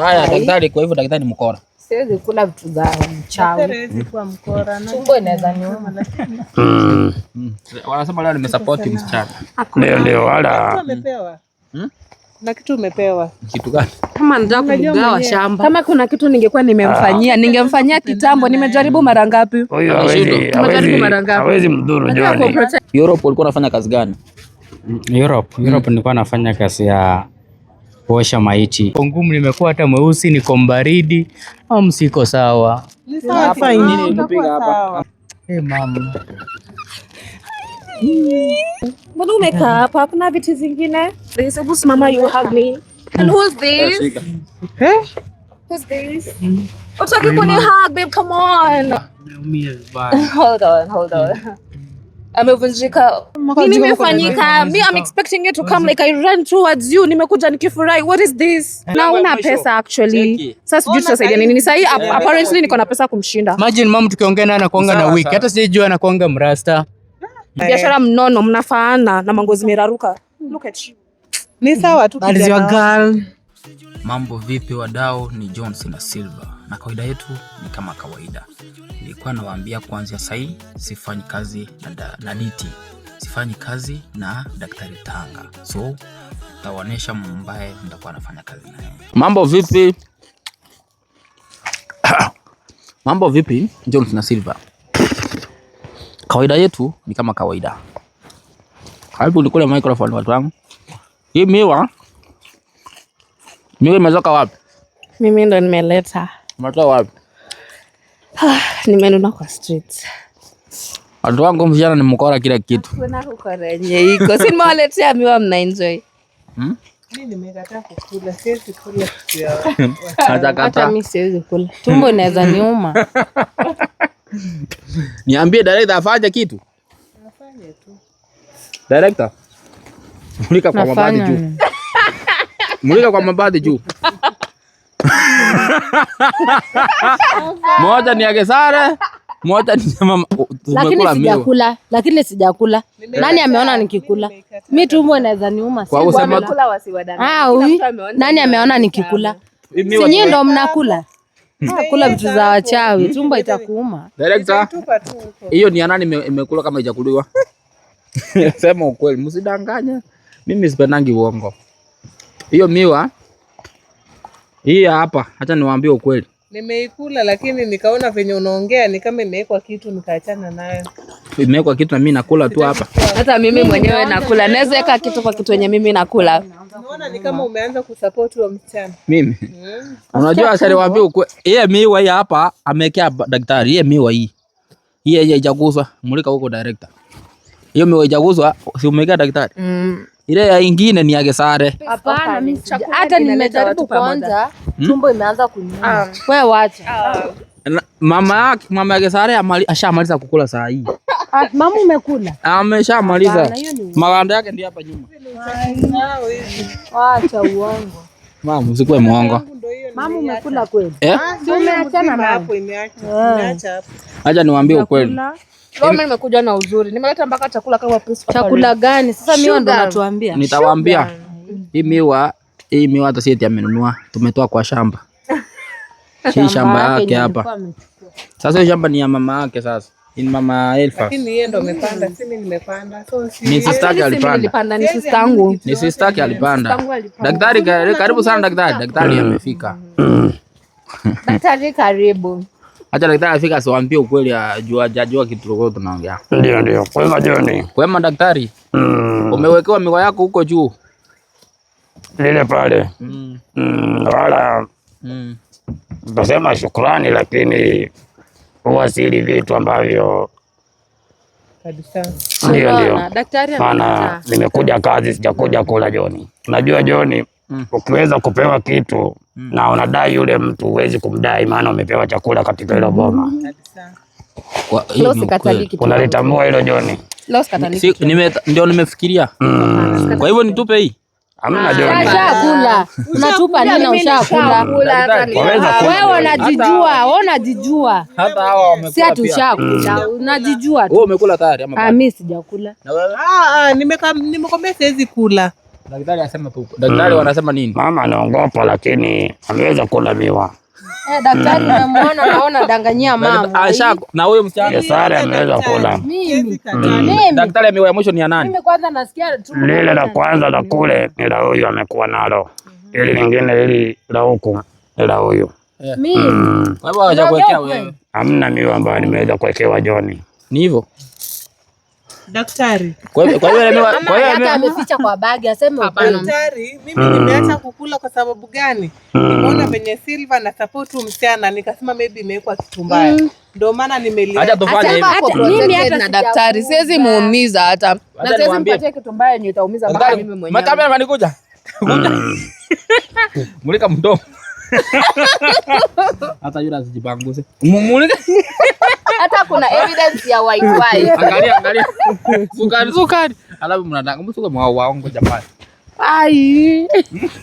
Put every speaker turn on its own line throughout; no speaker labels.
Haya, daktari. Kwa hivyo daktari ni mkora,
siwezi kula vitu za mchawi,
Siwezi mkora.
tumbo inaweza niuma.
Hmm. Hmm. Wanasema leo nimesupport msichana,
ndio ndio, wala
hmm? na kitu umepewa
kitu gani?
Kama nataka kugawa shamba, kama kuna kitu ningekuwa nimemfanyia, ah. ningemfanyia kitambo. Nimejaribu mara ngapi?
Huyo Hawezi Nimejaribu mara ngapi? Hawezi mdhuru. njoni.
Europe ulikuwa unafanya kazi gani?
Europe, Europe nilikuwa nafanya kazi ya kuosha maiti. Ngumu nimekuwa hata mweusi, niko mbaridi au msiko sawa? Hey, mama
mbona umekaa hapa? Kuna viti zingine? Mama, you me. And who's this? Who's this? Hmm. Come on. Hold on, hold on amevunjika. Mimi nimefanyika, mi, I'm expecting you to come like I ran towards you, nimekuja nikifurahi. What is this? Eh, na eh, una pesa actually. Sasa sijui tutasaidia nini. Ni sahi eh, apparently niko na pesa kumshinda.
Imagine mom tukiongea naye anakuanga na week, Hata sijui anakuanga mrasta.
Biashara mnono mnafaana na mangozi meraruka. Look at you. Ni sawa tu
kijana.
Mambo vipi wadau, ni Johnson na Silver na kawaida yetu ni kama kawaida. Nilikuwa nawaambia kuanzia sasa hii sifanyi kazi na, na diti sifanyi kazi na daktari Tanga, so tawaonesha mumbaye nitakuwa nafanya kazi naye. Mambo vipi? Mambo vipi, Johnson na Silver. Kawaida yetu ni kama kawaida. Hapo ulikula microphone watu wangu. Hii miwa miwa imezoka wapi?
Mimi ndo nimeleta Umetoa wapi? Ah, nimenunua kwa street.
Watu wangu mvijana ni mkora kila kitu.
Kuna kukora nje iko. Si nimewaletea miwa mna enjoy.
Hmm?
Mimi nimekataa kukula, siwezi kula kitu ya.
Hata
mimi siwezi kula. Tumbo inaweza niuma.
Niambie director afanye kitu. Afanye tu. Director. Mulika kwa mabadi juu. Mulika kwa mabadi juu. moja ni ya Kesare, moja ni mama.
Lakini sijakula, lakini sijakula. Nani ameona nikikula? Mimi tumbo naweza niuma. Kwa kula ah, Nani ameona nikikula? Si nyinyi ndo mnakula ah, kula vitu za wachawi, tumbo itakuuma.
Director, hiyo ni anani imekula kama ijakuliwa? Sema ukweli, msidanganye. Mimi sipendangi uongo. Hiyo miwa hii hapa, acha niwaambie ukweli,
nimeikula lakini nikaona venye unaongea ni kama imewekwa kitu, nikaachana nayo.
Imewekwa kitu na mimi nakula tu hapa.
Hata mimi mwenyewe nakula, naweza weka kitu kwa kitu yenye mimi nakula.
Unaona ni kama umeanza kusupport wa msichana
mimi. Hmm. Unajua asali niwaambie ukweli, yeye miwa hii hapa amekea daktari, yeye miwa hii yeye haijagusa, mulika huko director, hiyo miwa haijaguswa, si umekea daktari. Mm. Ile ya ingine ni ya sare.
Hapana, mimi
hata nimejaribu kwanza, hmm? tumbo imeanza kuniuma. Ah, wewe wacha. Ah.
Mama yake, mama yake sare ashamaliza kukula saa hii.
Ah, mama umekula?
Ameshamaliza. Maganda yake ndio hapa nyuma.
Wacha uongo.
Mama, usikue mwongo.
Mama umekula kweli? Eh? Si umeacha na hapo imeacha.
Acha niwaambie ukweli.
Roma yaani nimekuja na uzuri, nimeleta mpaka chakula kama pesa. Chakula gani sasa? Miwa ndo natuambia,
nitawaambia hii miwa, hii miwa hata sieti amenunua, tumetoa kwa shamba hii shamba yake hapa. Sasa hii shamba ni ya mama yake sasa ni mama Elfa. Lakini
yeye ndo amepanda, si mimi nimepanda. So
si ni sister yake alipanda.
Ni sister yangu.
Ni sister yake alipanda. Daktari karibu sana daktari. Daktari amefika.
Daktari karibu.
Acha daktari afika asiwaambie ukweli, ajua ajua kitu tulikuwa tunaongea.
Ndio ndio. Kwema John.
Kwema daktari. Mm. Umewekewa miwa yako huko juu.
Lile pale. Mm. Mm, wala. Mm. Nasema shukrani lakini huwa siri vitu ambavyo ndio ndio. Maana nimekuja kazi sijakuja kula John. Unajua John mm. Ukiweza kupewa kitu mm. na unadai yule mtu, huwezi kumdai, maana umepewa chakula katika hilo mm. boma. Unalitambua hilo Joni?
Ndio nimefikiria. Mm. Kwa hivyo nitupe hii Amna Joni,
ushakula unatupa nini? Ushakula wewe, unajijua wewe, unajijua hata hawa wamekula, si ati ushakula, mm. unajijua tu
wewe. Umekula tayari
ama? Ah, mimi sijakula. Na wewe? Ah, nimekwambia siwezi kula.
Daktari anasema tupo. Daktari mm. wanasema nini?
Mama anaogopa lakini ameweza kula miwa.
Eh, daktari mm. unamuona naona danganyia mama.
Asha na huyo msichana Yes,
Sara ameweza kula. Mimi.
Daktari amewa mwisho ni nani?
Mimi kwanza nasikia tu.
Lile la kwanza la kule ni la huyo amekuwa nalo. Mhm. Ile nyingine ile la huku ni la huyo.
Eh. Mimi. Mm.
Wewe hawajakuwekea wewe.
Hamna miwa ambayo nimeweza kuwekewa Joni.
Ni hivyo.
Daktari,
kwa
hiyo ameficha kwa bagi aseme
daktari, mimi mm. nimeacha kukula kwa sababu gani? Nimeona mm. venye Silva na support msichana, nikasema maybe imewekwa kitu mbaya, mm. ndio maana nimelia.
Mimi hata na daktari siwezi muumiza hata na siwezi mpatie kitu mbaya yenye itaumiza
mimi mwenyewe. Mulika mdomo Hata yule asijipanguze. Mumulika.
Hata kuna evidence ya wifi.
Angalia, angalia. Sukari, sukari. Alafu mnadanga msuka mwa waongo jamani.
Ai.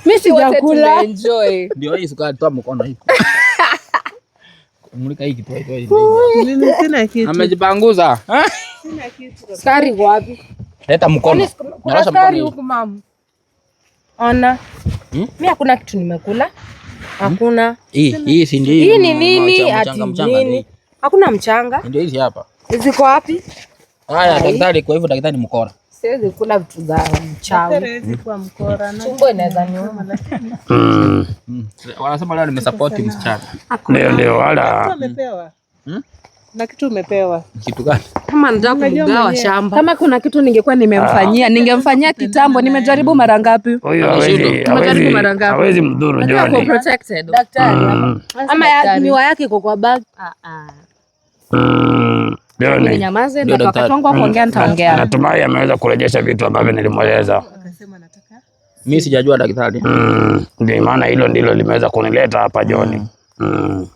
Mimi sijakula.
Enjoy.
Ndio hii sukari toa mkono hii. Mulika hii kitu hii. Mimi sina kitu. amejibanguza
Sina kitu. Sukari wapi?
Leta mkono. Nyosha yaani, mkono. Sukari huko mama.
Ona. Mimi hmm? hakuna kitu nimekula. Hakuna.
Hii hii si ndio? Hii
ni nini? Ati nini? Hakuna mchanga. Ndio hizi hapa. Ziko wapi?
Haya daktari, kwa hivyo daktari ni mkora.
Siwezi kula vitu za mchawi.
Tumbo inaweza niuma.
Hmm. Hmm.
Wanasema leo nimesupport msichana.
Ndio ndio wala
na kitu umepewa.
Kitu gani?
Kama nataka kugawa shamba. Kama kuna kitu ningekuwa nimemfanyia, ningemfanyia kitambo. Nimejaribu mara ngapi?
Huyo hawezi. Tumejaribu mara ngapi? Hawezi mdhuru John. Protected. Daktari.
Mm. Ama ya miwa yake iko kwa bag. Ah ah.
Mm.
Ninyamaze mm. na wakati wangu wa kuongea nitaongea.
Natumai ameweza kurejesha vitu ambavyo nilimweleza. Akasema nataka.
Mimi sijajua daktari.
Ndio maana hilo ndilo limeweza kunileta hapa Mm.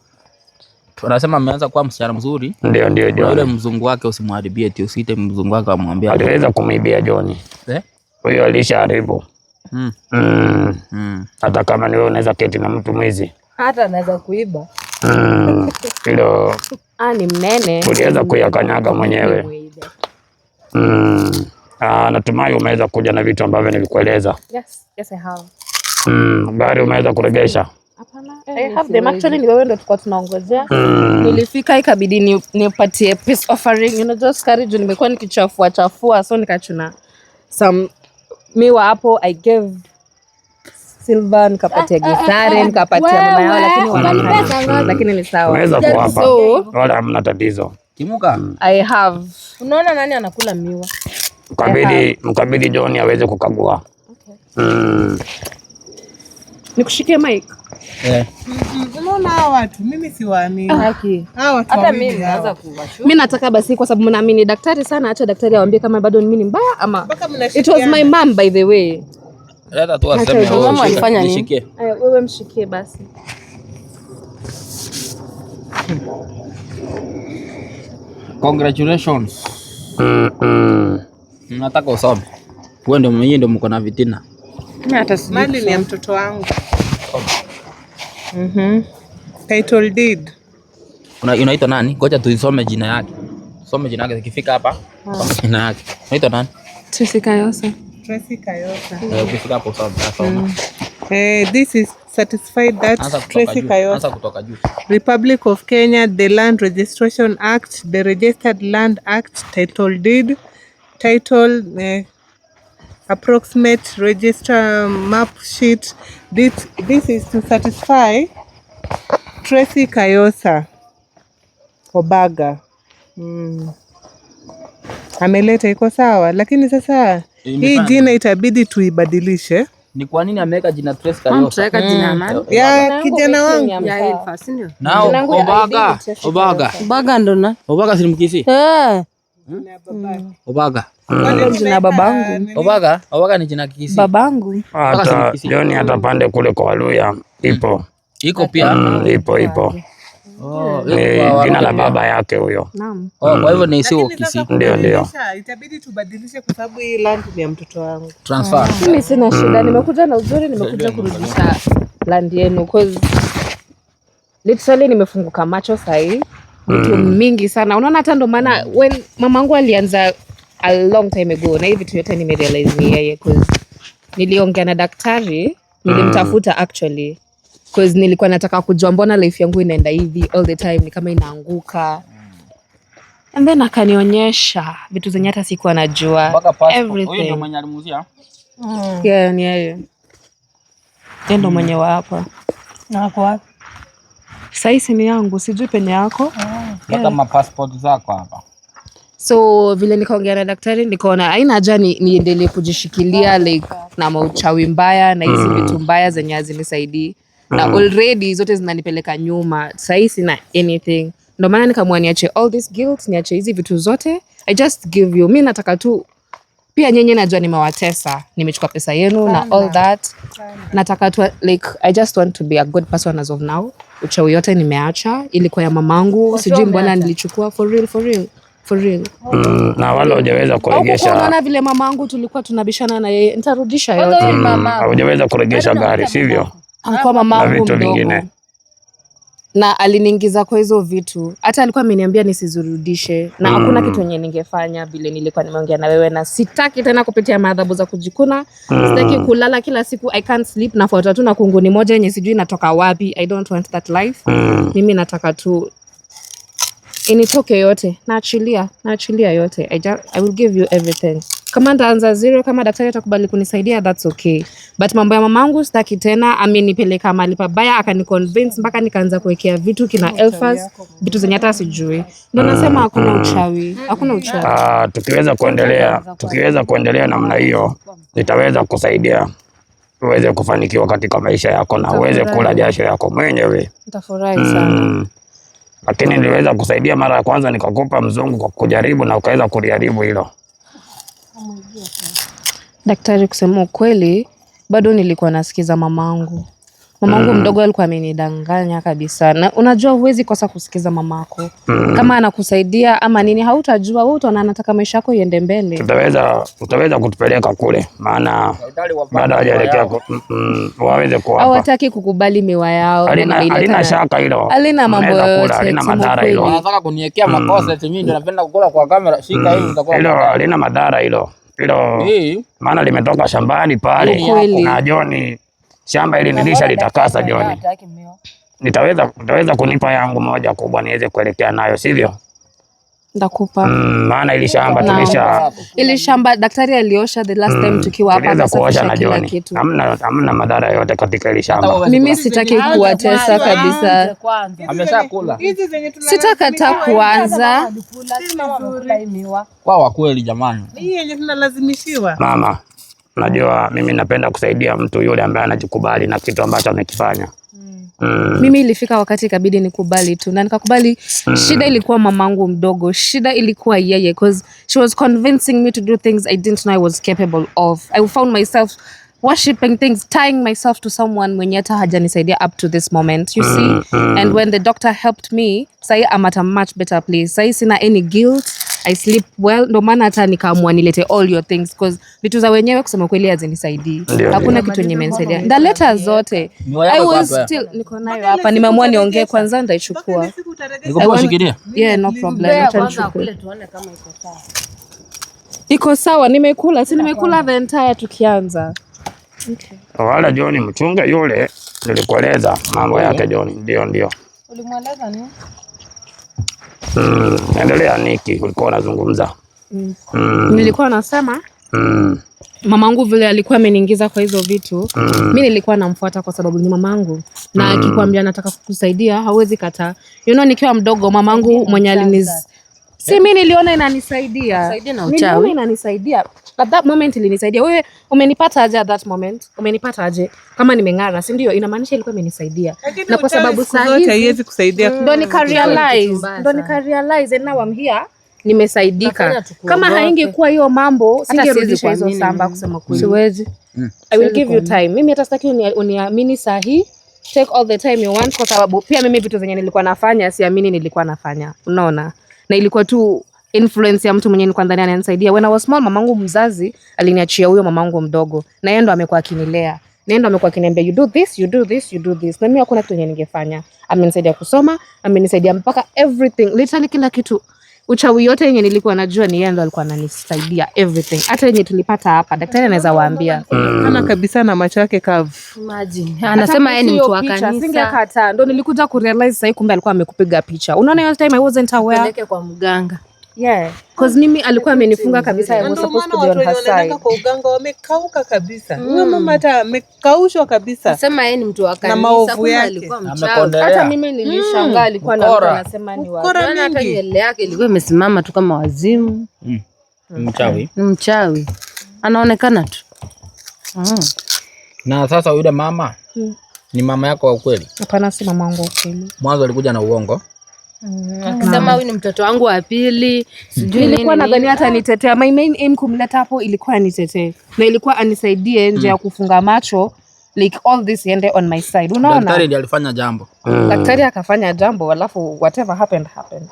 Anasema ameanza kuwa msichana mzuri.
Ndio, ndio John.
Yule mzungu wake usimharibie eti usite mzungu wake amwambia.
Aliweza kumwibia John. Eh? Kwa hiyo alishaharibu. Mm. Mm. Mm. Hata kama ni wewe unaweza keti na mtu mwizi.
Hata anaweza kuiba.
Mm. Hilo.
Ah, ni mnene.
Uliweza kuyakanyaga mwenyewe. Mm. Ah, natumai umeweza kuja na vitu ambavyo nilikueleza.
Yes, yes I have.
Mm, gari umeweza kuregesha.
Eh, wewe ndo tunaongozea. Mm. Nilifika ikabidi nipatie peace offering, juu nimekuwa nikichafua chafua, so nikachuna some miwa hapo. I gave silver, nikapatia gisare, ah, ah, ah, nikapatia mama yao, lakini mm. lakini ni sawa,
naweza kuwapa wala hamna tatizo.
Kimuka, mm.
I have. Unaona nani anakula miwa?
Mkabidi, mkabidi John aweze kukagua. Okay. Mm. Nikushikie Eh.
Unaona watu mimi siwaamini. Ah.
mimi nataka basi kwa sababu mnaamini daktari sana, acha daktari awaambie kama bado mimi ni mbaya ama It was my mom by the way.
Leta tu aseme
Eh, wewe mshikie basi.
Congratulations. Nataka usome. Wewe ndio mwenyewe ndio mko na vitina.
Mimi hata sijui.
Mali ni ya mtoto wangu. Mhm. Title deed.
Una inaitwa nani? Ngoja tuisome jina yake. Some jina yake ikifika hapa. Ah. Jina yake. Unaitwa nani?
Tracy Kayosa.
Tracy Kayosa.
Eh, ukifika hapo soma. Mm.
Eh, this is satisfied that Tracy Kayosa kutoka juu. Republic of Kenya, the Land Registration Act, the Registered Land Act, title deed, title eh, approximate register map sheet This, this is to satisfy Tracy Kayosa Obaga. Mm. Ameleta iko sawa, lakini sasa hii jina itabidi tuibadilishe.
Ni kwa nini ameweka jina Tracy Kayosa?
Mm.
Ya kijana wangu Ya Elfa,
si ndio? Obaga. Obaga.
Obaga ndo na.
Obaga si mkisi. Eh. Yeah. Hmm? Hmm. Obaga.
Jina babangu.
Obaga, Obaga ni jina
Babangu.
Hata Joni hata pande kule kwa Waluya ipo. Iko pia. Mm, ipo ipo. Oh, jina la baba yake huyo. Naam.
Oh, kwa hivyo ni sio
Ndio ndio.
Itabidi tubadilishe kwa sababu hii land ni ya mtoto wangu.
Transfer. Ah,
mimi sina mm. shida, nimekuja na uzuri, nimekuja kurudisha land yenu. literally nimefunguka macho sahii mtu mm. mingi sana unaona, hata ndo maana when mamangu alianza a long time ago, na hivi vitu yote nimerealize ni yeye, cause niliongea na daktari nilimtafuta mm. actually cause nilikuwa nataka kujua mbona life yangu inaenda hivi all the time, ni kama inaanguka and then akanionyesha vitu zenye hata sikuwa najua
everything. Mm.
Yeah, ni yeye ndo mwenye wa hapa na hapo Sahii ni yangu sijui penye yako
kama ah, passport zako hapa.
So vile nikaongea na daktari nikaona aina haja niendelee kujishikilia like na mauchawi mbaya na hizi mm. vitu mbaya zenye hazinisaidii na mm. already zote zinanipeleka nyuma. Sahii sina anything, ndio maana nikaamua niache all this guilt, niache hizi vitu zote. I just give you, mi nataka tu pia nyenye najua nimewatesa, nimechukua pesa yenu na all that. Nataka tu like I just want to be a good person as of now. Uchawi yote nimeacha, ilikuwa ya mamangu, sijui mbona nilichukua for real, for real. For real.
Mm, na wala hujaweza kuregesha. Unaona
vile mamangu tulikuwa tunabishana na yeye, nitarudisha yote.
Hujaweza mm, kuregesha gari, sivyo?
Alikuwa mamangu mdogo na aliniingiza kwa hizo vitu, hata alikuwa ameniambia nisizirudishe, na mm. hakuna mm. kitu yenye ningefanya vile nilikuwa nimeongea na wewe, na sitaki tena kupitia maadhabu za kujikuna mm. sitaki kulala kila siku, I can't sleep, nafuata tu na kunguni moja yenye sijui natoka wapi. I don't want that life mm. mimi nataka tu initoke yote, naachilia naachilia yote. I, just, I will give you everything kama nitaanza zero, kama daktari atakubali kunisaidia that's okay, but mambo ya mamangu sitaki tena. Amenipeleka mahali pabaya, akaniconvince mpaka nikaanza kuwekea vitu kina elfas, vitu zenye hata sijui. Ndo mm, nasema hakuna mm. uchawi, hakuna uchawi.
Ah, tukiweza kuendelea, tukiweza kuendelea namna hiyo, nitaweza kusaidia uweze kufanikiwa katika maisha yako na uweze kula jasho yako mwenyewe.
Nitafurahi sana mm.
lakini niliweza kusaidia mara ya kwanza, nikakupa mzungu kwa kujaribu na ukaweza kuliharibu hilo
Daktari, kusema ukweli, bado nilikuwa nasikiza mamangu, Mamangu mm. Mm-hmm. mdogo alikuwa amenidanganya kabisa, na unajua huwezi kosa kusikiza mamako mm. Mm-hmm. kama anakusaidia ama nini, hautajua wewe, utaona anataka maisha yako iende mbele.
Tutaweza utaweza kutupeleka kule, maana bado hajaelekea waweze kuwapa,
hawataki kukubali miwa yao.
Alina yaani shaka hilo,
alina mambo
yote, alina madhara hilo. Anataka
kuniwekea makosa eti mimi ndio napenda kukula kwa kamera, shika hii nitakuwa
hilo, alina madhara hilo hilo, maana limetoka shambani pale na Joni shamba hili nilisha litakasa Joni, nitaweza nitaweza kunipa yangu moja kubwa niweze kuelekea nayo, sivyo? Ndakupa mm, maana ili shamba tulisha,
ili shamba daktari aliosha the last time mm, tukiwa hapa,
na kuosha na Joni, hamna hamna madhara yote katika ili shamba.
Mimi sitaki kuwatesa kabisa, sitakata kuanza
kwa kweli, jamani,
mama Unajua, mimi napenda kusaidia mtu yule ambaye anajikubali na kitu ambacho amekifanya.
Mm. Mimi ilifika wakati ikabidi nikubali tu na nikakubali. Mm. Shida ilikuwa mamangu mdogo, shida ilikuwa yeye because she was convincing me to do things I didn't know I was capable of. I found myself worshipping things, tying myself to someone mwenye hata hajanisaidia up to this moment, you see. Mm. mm. And when the doctor helped me, sahi I'm at a much better place. Sahi sina any guilt. I sleep well, ndo maana hata nikaamua nilete all your things because vitu za wenyewe kusema kweli hazinisaidii. Hakuna kitu yenye imenisaidia. Nda leta zote. I was still niko nayo hapa, nimeamua niongee kwanza, ndaichukua. Yeah, no problem. Nitachukua. Iko sawa, nimekula si nimekula the entire tukianza.
Okay. Wala Joni mchunga yule nilikueleza mambo yake Joni, ndio ndio. Ulimweleza nini? Mm, endelea Niki, ulikuwa unazungumza. Mm.
Mm. Nilikuwa nasema mm. Mamangu vile alikuwa ameniingiza kwa hizo vitu mm. Mi nilikuwa namfuata kwa sababu ni mamangu na mm. Akikwambia nataka kukusaidia hawezi kataa, you know, nikiwa mdogo mamangu mwenye aliniz si mi niliona inanisaidia, niliona inanisaidia But that moment ilinisaidia. Wewe umenipata aje at that moment? Umenipata aje? Kama nimeng'ara, si ndio? Inamaanisha ilikuwa imenisaidia. Na kwa sababu saa hizi
haiwezi kusaidia. Mm.
ndo nika realize. ndo nika realize and now I'm here nimesaidika. Kama haingekuwa hiyo mambo, singerudisha hizo samba kusema kweli. Siwezi. Mm. I will give you time. Mimi hata sitaki uniamini saa Take all the time you want kwa sababu pia mimi vitu zenye nilikuwa nafanya siamini nilikuwa nafanya. Unaona? Na ilikuwa tu influence ya mtu mwenyewe kwanza ndani ananisaidia. When I was small, mamangu mzazi aliniachia huyo mamangu mdogo, na yeye ndo amekuwa akinilea na yeye ndo amekuwa akiniambia you do this, you do this, you do this. Na mimi hakuna kitu ningefanya. Amenisaidia kusoma, amenisaidia mpaka everything, literally kila kitu. Uchawi yote yenye nilikuwa najua ni yeye ndo alikuwa ananisaidia everything. Hata yenye tulipata hapa, daktari anaweza waambia. Mm. Ana kabisa na macho yake kavu. Imagine. Anasema yeye ni mtu wa kanisa. Singekataa. Ndo nilikuja kurealize sasa kumbe alikuwa amekupiga picha. Unaona hiyo time I wasn't aware. Peleke
kwa mganga.
Yeah, cause mimi alikuwa amenifunga kabisa I was supposed to be on her side. Kwa
uganga wamekauka kabisa. Mm. Huyo mama hata amekaushwa kabisa.
Sema yeye ni mtu wa kanisa,
kumbe alikuwa
mchawi. Hata mimi nilishangaa mm. alikuwa na
mtu anasema
ni wa. Yaani hata nywele yake ilikuwa imesimama tu kama wazimu. Mm. Mchawi. Ni mchawi. Anaonekana tu. Mm.
Na sasa yule mama mm, ni mama yako wa ukweli?
Hapana, si mama wangu wa ukweli.
Mwanzo alikuja na uongo.
Mm, akisema huyu ni mtoto wangu wa pili, sijui nini. nadhani hata nitetea, my main aim kumleta hapo ilikuwa anitetee na ilikuwa anisaidie nje ya mm. kufunga macho like all this ende on my side, unaona. Daktari
ndiye alifanya jambo,
mm. daktari akafanya jambo, alafu whatever happened happened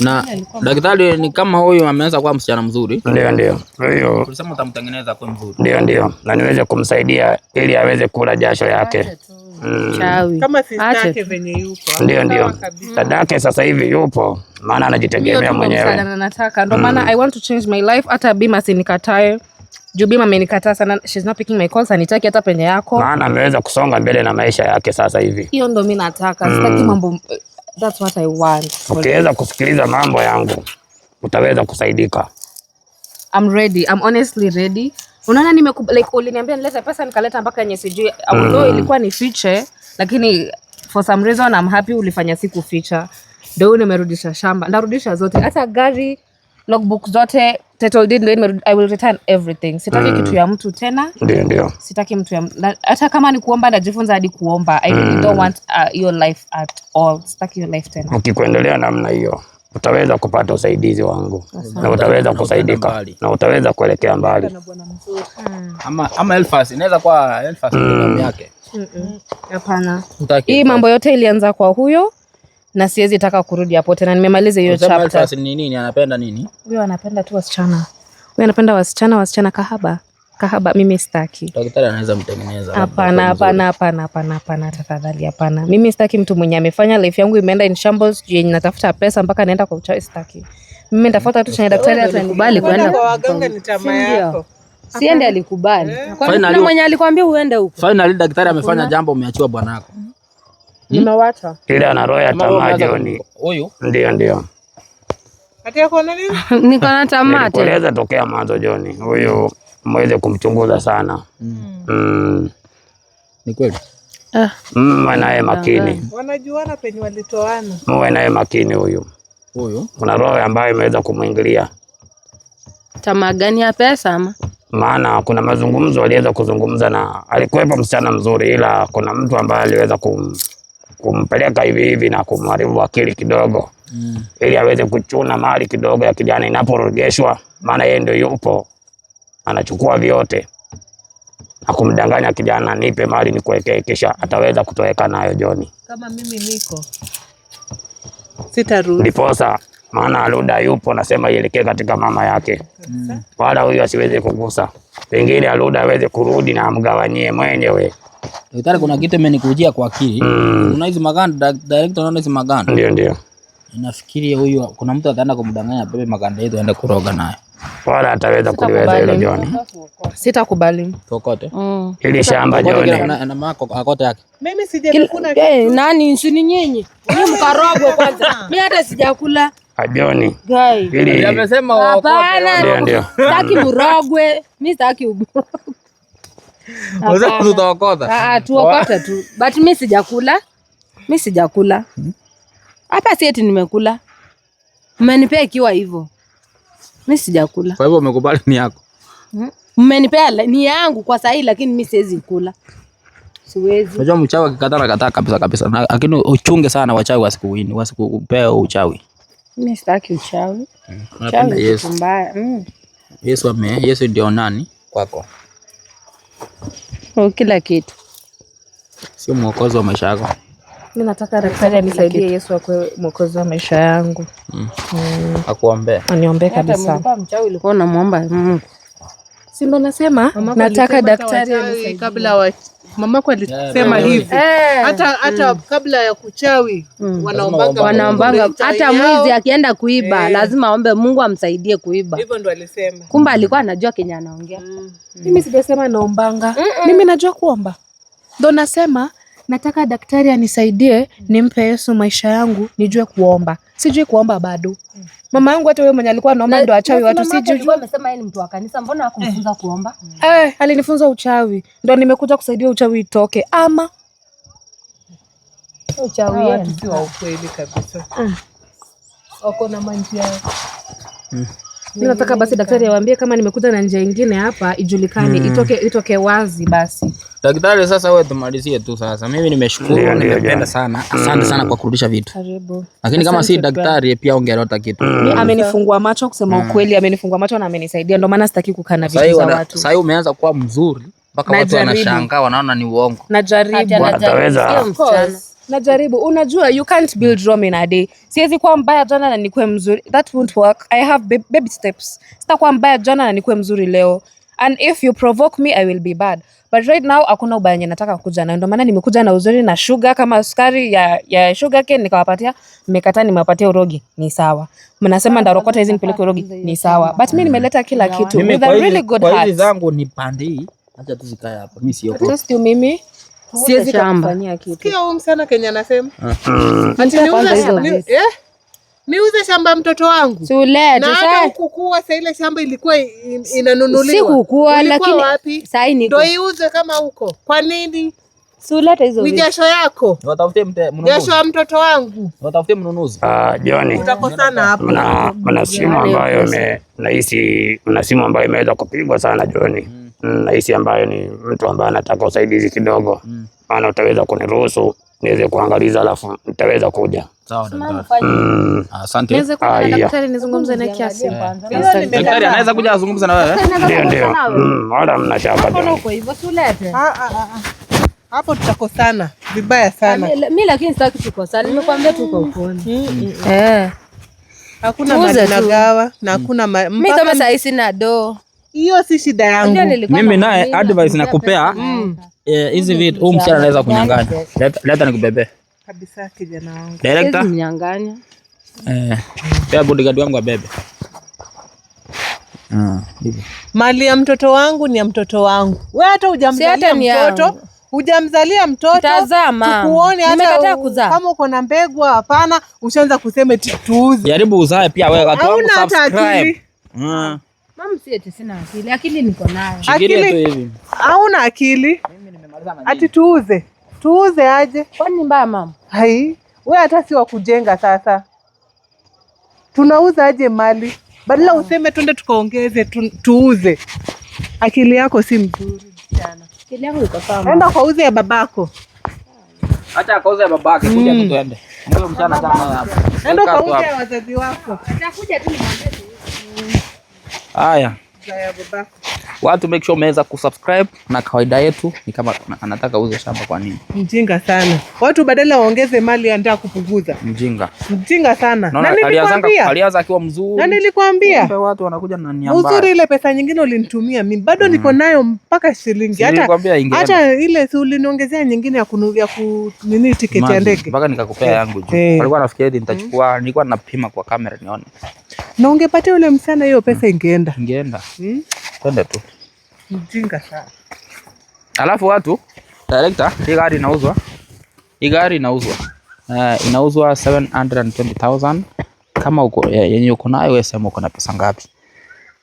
na daktari ni kama huyu ameweza kuwa msichana mzuri,
ndio ndio, hiyo tulisema
utamtengeneza kwa mzuri,
ndio ndio, na niweze kumsaidia ili aweze kula jasho yake.
Kama sister yake venye yupo.
Ndio, ndio. Dada yake sasa hivi yupo maana anajitegemea mwenyewe.
nataka. Ndio maana mm. I want to change my life hata Bima sinikatae. Juu Bima amenikataa sana. She's not picking my calls. Anitaki hata penye yako.
Maana ameweza kusonga mbele na maisha yake sasa hivi.
Hiyo ndo mimi nataka. Sitaki mm. mambo That's what I want.
Ukiweza kusikiliza mambo yangu utaweza kusaidika.
I'm ready. I'm honestly ready. Unaona, nimekuba like uliniambia nilete pesa nikaleta mpaka yenye sijui although mm. ilikuwa ni fiche, lakini for some reason I'm happy ulifanya siku ficha. Ndio nimerudisha shamba, ndarudisha zote, hata gari, logbook zote, title deed ndio I will return everything. Sitaki mm. kitu ya mtu tena. Ndio ndio. Sitaki mtu ya hata kama ni kuomba, najifunza hadi kuomba. I mm. don't want uh, your life at all. Sitaki your life tena.
Ukikuendelea namna hiyo utaweza kupata usaidizi wangu na utaweza kusaidika na utaweza kuelekea mbali.
Hmm. Ama Elfas inaweza kuwa Elfas hmm. yake.
Hapana, hii mambo yote ilianza kwa huyo na siwezi taka kurudi hapo tena, nimemaliza hiyo chapter.
ni nini? Anapenda nini?
Huyo anapenda tu wasichana, huyo anapenda wasichana, wasichana kahaba kahaba mimi sitaki.
Daktari anaweza mtengeneza.
Hapana, hapana, hapana, hapana, hapana, tafadhali hapana. Mimi sitaki mtu mwenye amefanya life yangu imeenda in shambles, je, yenye natafuta pesa mpaka naenda kwa uchawi sitaki. Mimi nitafuta tu chenye daktari atanikubali kwenda.
Kwa waganga ni tamaa yako.
Siende alikubali. Eh. Kwa nini mwenye alikwambia uende huko?
Finally daktari amefanya jambo umeachiwa bwanako. Mm-hmm.
Nimewacha.
Ile ana roho ya tamaa jioni. Huyu? Ndio, ndio.
Ati yako nini?
Niko na tamaa tena.
Nilikueleza tokea mwanzo Joni. Huyu mweze kumchunguza sana mm. Mm. Ni kweli ah. Mwe mm, naye makini,
wanajuana penye walitoana.
Mwe naye makini, huyu huyu kuna roho ambayo imeweza kumwingilia.
Tamaa gani ya pesa ama?
Maana kuna mazungumzo aliweza kuzungumza na alikuwepo msichana mzuri, ila kuna mtu ambaye aliweza kum, kumpeleka hivi hivi na kumharibu akili kidogo mm. ili aweze kuchuna mali kidogo ya kijana inaporegeshwa maana yeye ndio yupo anachukua vyote na kumdanganya kijana, nipe mali nikuwekee, kisha ataweza kutoweka nayo Joni.
Kama mimi niko sitarudi,
ndiposa maana Aluda yupo, nasema ielekee katika mama yake mm. wala huyu asiweze kugusa, pengine Aluda aweze kurudi na amgawanyie mwenyewe.
Daktari, kuna kitu imenikujia kwa akili mm. kuna hizi maganda director, unaona hizi maganda, ndio ndio, nafikiri huyu kuna mtu ataenda kumdanganya bebe maganda yetu aende kuroga nayo
wala ataweza kuliweza hilo jioni.
Sitakubali
kokote mm.
ili shamba jioni
akote yake.
Mimi eh, kitu. nani sini nyinyi ah. mkarogo kwanza. Mimi hata sijakula
Ajoni ah,
sitaki murogwe. mimi sitaki ah, tuokota tu, but mimi sijakula, mimi sijakula hmm? hapa, si eti nimekula, mmenipea ikiwa hivyo mimi sijakula. Kwa
hivyo umekubali ni yako.
Hmm? Mmenipea ni yangu kwa sahi, lakini mimi siwezi kula. Siwezi.
Unajua mchawi akikataa anakataa kabisa kabisa. Lakini uchunge sana wachawi wasikuwini, wasikupea uchawi.
Mimi sitaki uchawi. Hmm.
Unapenda Yesu. Mbaya. Hmm. Yesu ame, Yesu ndio nani
kwako?
Oh, kila kitu.
Sio mwokozi wa maisha yako.
Mi nataka daktari anisaidie Yesu akuwe mwokozi wa maisha yangu. Mm.
Mm. Akuombee.
Aniombee kabisa. Mchawi ulikuwa unamwomba Mungu. Mm. Si ndo nasema nataka daktari anisaidie
kabla wa mamako alisema yeah, hivi eh. hata hata mm. kabla ya kuchawi mm. wanaombanga
wanaombanga hata mwizi akienda kuiba hey. Eh. lazima aombe Mungu amsaidie kuiba. Hivyo
ndo alisema.
Kumbe alikuwa anajua Kenya anaongea. mm. mm. mimi sijasema naombanga. Mm -mm. Mimi najua kuomba. Ndo nasema nataka daktari anisaidie mm. nimpe Yesu maisha yangu, nijue kuomba. Sijui kuomba bado. Mm. Mama yangu hata wewe mwenye alikuwa anaomba ndo achawi watu, sijui Alikuwa
Amesema yeye ni mtu wa kanisa, mbona hakumfunza eh. kuomba?
Eh, alinifunza uchawi, ndo nimekuja kusaidia uchawi itoke ama uchawi wetu
si wa ukweli kabisa, Mm. wako na manjia
mm. mimi nataka basi daktari awaambie kama nimekuja na njia nyingine hapa ijulikane, mm. itoke itoke wazi basi
Daktari, sasa wewe tumalizie tu sasa. Mimi nimeshukuru, nimependa sana. Asante sana kwa kurudisha vitu. Karibu. Lakini kama si daktari pia ungeleta kitu.
Mm. Amenifungua macho kusema mm. ukweli, amenifungua macho na amenisaidia. Ndio maana sitaki kukana vitu za watu.
Sasa umeanza kuwa mzuri mpaka watu wanashangaa wanaona ni uongo.
Najaribu.
Ataweza.
Najaribu. Unajua you can't build Rome in a day. Siwezi kuwa mbaya jana na nikuwe mzuri. That won't work. I have baby steps. Sitakuwa mbaya jana na nikuwe mzuri leo and if you provoke me I will be bad but right now hakuna ubaya yenye nataka kuja nayo ndio maana nimekuja na uzuri na sugar kama sukari ya ya sugar cane nikawapatia, mmekataa, nimewapatia urogi ni sawa, mnasema ah, ndarokota hizi nipeleke urogi ni sawa, but mimi nimeleta kila kitu with a really good heart. hizi
zangu ni pandi, acha tu zikae hapa,
mimi sio kwa just mimi siwezi kufanyia kitu.
sikia huyu msana Kenya anasema
ati niuze eh
niuze shamba mtoto wangu Sulete, na hata ukukua sa ile shamba ilikuwa in, inanunuliwa. Si
kukua, lakini wapi
ndio iuze kama huko? Kwa nini? Sulete hizo ni jasho yako,
jasho
ya mtoto wangu.
Watafute mnunuzi.
Ah, Joni,
utakosana hapo.
Mna simu ambayo nahisi mna simu ambayo imeweza kupigwa sana Joni, mm. mm, nahisi ambayo ni mtu ambaye anataka usaidizi kidogo, mm. maana utaweza kuniruhusu niweze kuangaliza, alafu nitaweza kuja.
Mm. Ah, anaweza kuja azungumze na wewe,
ndio ndio, mm, wala mna shaka
ah, ah,
hapo tutakosana vibaya sana.
lakini sitaki tukosane, nimekwambia tuko ukoni. Mm, eh. na hakuna mimi kama saa hii sina doo
hiyo si shida yangu.
Mimi naye advice nakupea mm. eh, hizi vitu, huyu msichana anaweza kunyang'anya. Leta nikubebe
kabisa, kijana wangu.
Director kunyang'anya, eh, pia bodyguard wangu abebe.
Ah,
Mali ya mtoto wangu ni ya mtoto wangu. Wewe hata hujamzalia mtoto hujamzalia mtoto tazama, tukuone, hata kuzaa. kama uko na mbegu hapana, ushaanza kusema tuuze.
Jaribu uzae pia wewe, watu wangu
subscribe sina akili, akili niko nayo.
Akili
hauna akili, ati tuuze tuuze aje? Kwani mbaya mama? Hai, wewe hata si wa kujenga. Sasa tunauza aje mali? Badala ah, useme twende tukaongeze tu, tuuze. Akili yako si mzuri sana. Akili yako iko sawa. Enda kauze ya babako.
Acha kauze ya babake, kuja mm. tu tuende. Ndio mchana sana hapa.
Enda kauze ya wazazi wako. Atakuja tu nimwambie tu.
Haya. Watu make sure umeweza kusubscribe na kawaida yetu ni kama anataka uze shamba kwa nini?
Mjinga sana. Watu badala waongeze mali anataka kupunguza. Mjinga. Mjinga sana.
Na nilikwambia. Alianza akiwa mzuri. Na
nilikwambia.
Watu wanakuja na niambia
Uzuri ile pesa nyingine ulinitumia mimi bado niko mm. nayo mpaka shilingi hata hata ile si uliniongezea nyingine ya kununulia ku nini tiketi ya ndege.
Mpaka nikakupea eh, yangu juu. Eh. Alikuwa anafikiria eti nitachukua, mm. nilikuwa napima kwa kamera nione.
Na ungepatia yule msana hiyo pesa mm. ingeenda.
Ingeenda. Mm. Twende tu.
Mjinga sana.
Alafu watu director, hii gari inauzwa. Hii gari inauzwa. Uh, inauzwa 720,000 kama uko yenye uko nayo wewe, sema uko na pesa ngapi?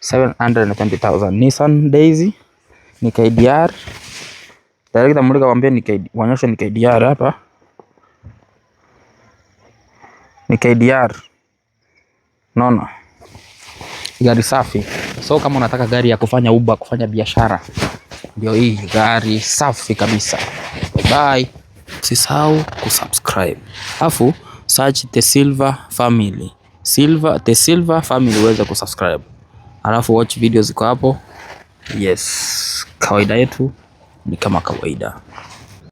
720,000 Nissan Daisy ni KDR. Director Mulika wambia ni KDR, wanyosha ni KDR hapa. Ni KDR. Naona. Gari safi. So kama unataka gari ya kufanya uba kufanya biashara, ndio hii gari safi kabisa. Bye, usisahau kusubscribe, afu search The Silver Family, Silver The Silver Family uweze kusubscribe, alafu watch videos ziko hapo. Yes, kawaida yetu ni kama kawaida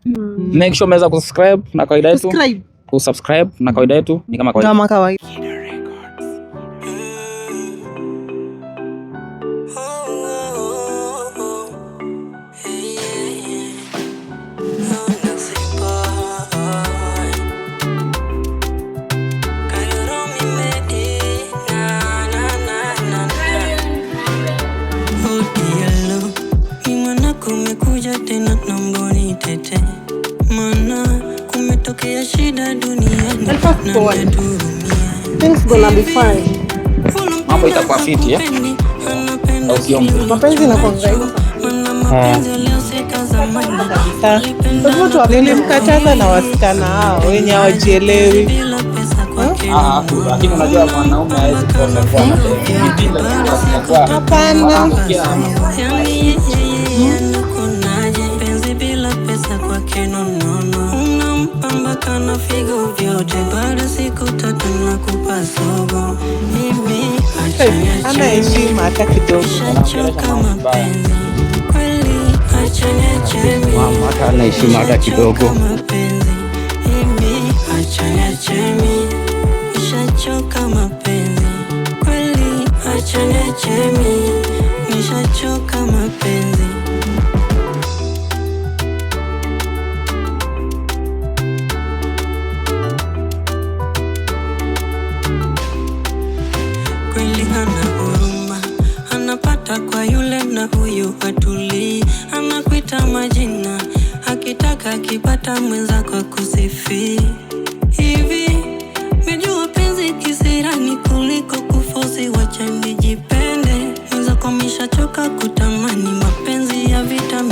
mm. Make sure umeweza kusubscribe na kawaida yetu kusubscribe na kawaida yetu ni kama kawaida.
mapenzi na kuangaika kabisa. Nilimkataza na wasichana hao wenye hawajielewi. Ah, ah, Hapana. Figo vyote baada siku tatu na kupasubu mimi mpenzi ana heshima hata kidogo,
ana heshima hata kidogo. Nishachoka mapenzi kwa yule na huyu atulii, anakuita majina akitaka akipata mwenzako kusifi Hivi mejua penzi kisirani kuliko kufosi, wacha nijipende, mwenzako choka kutamani mapenzi ya vita.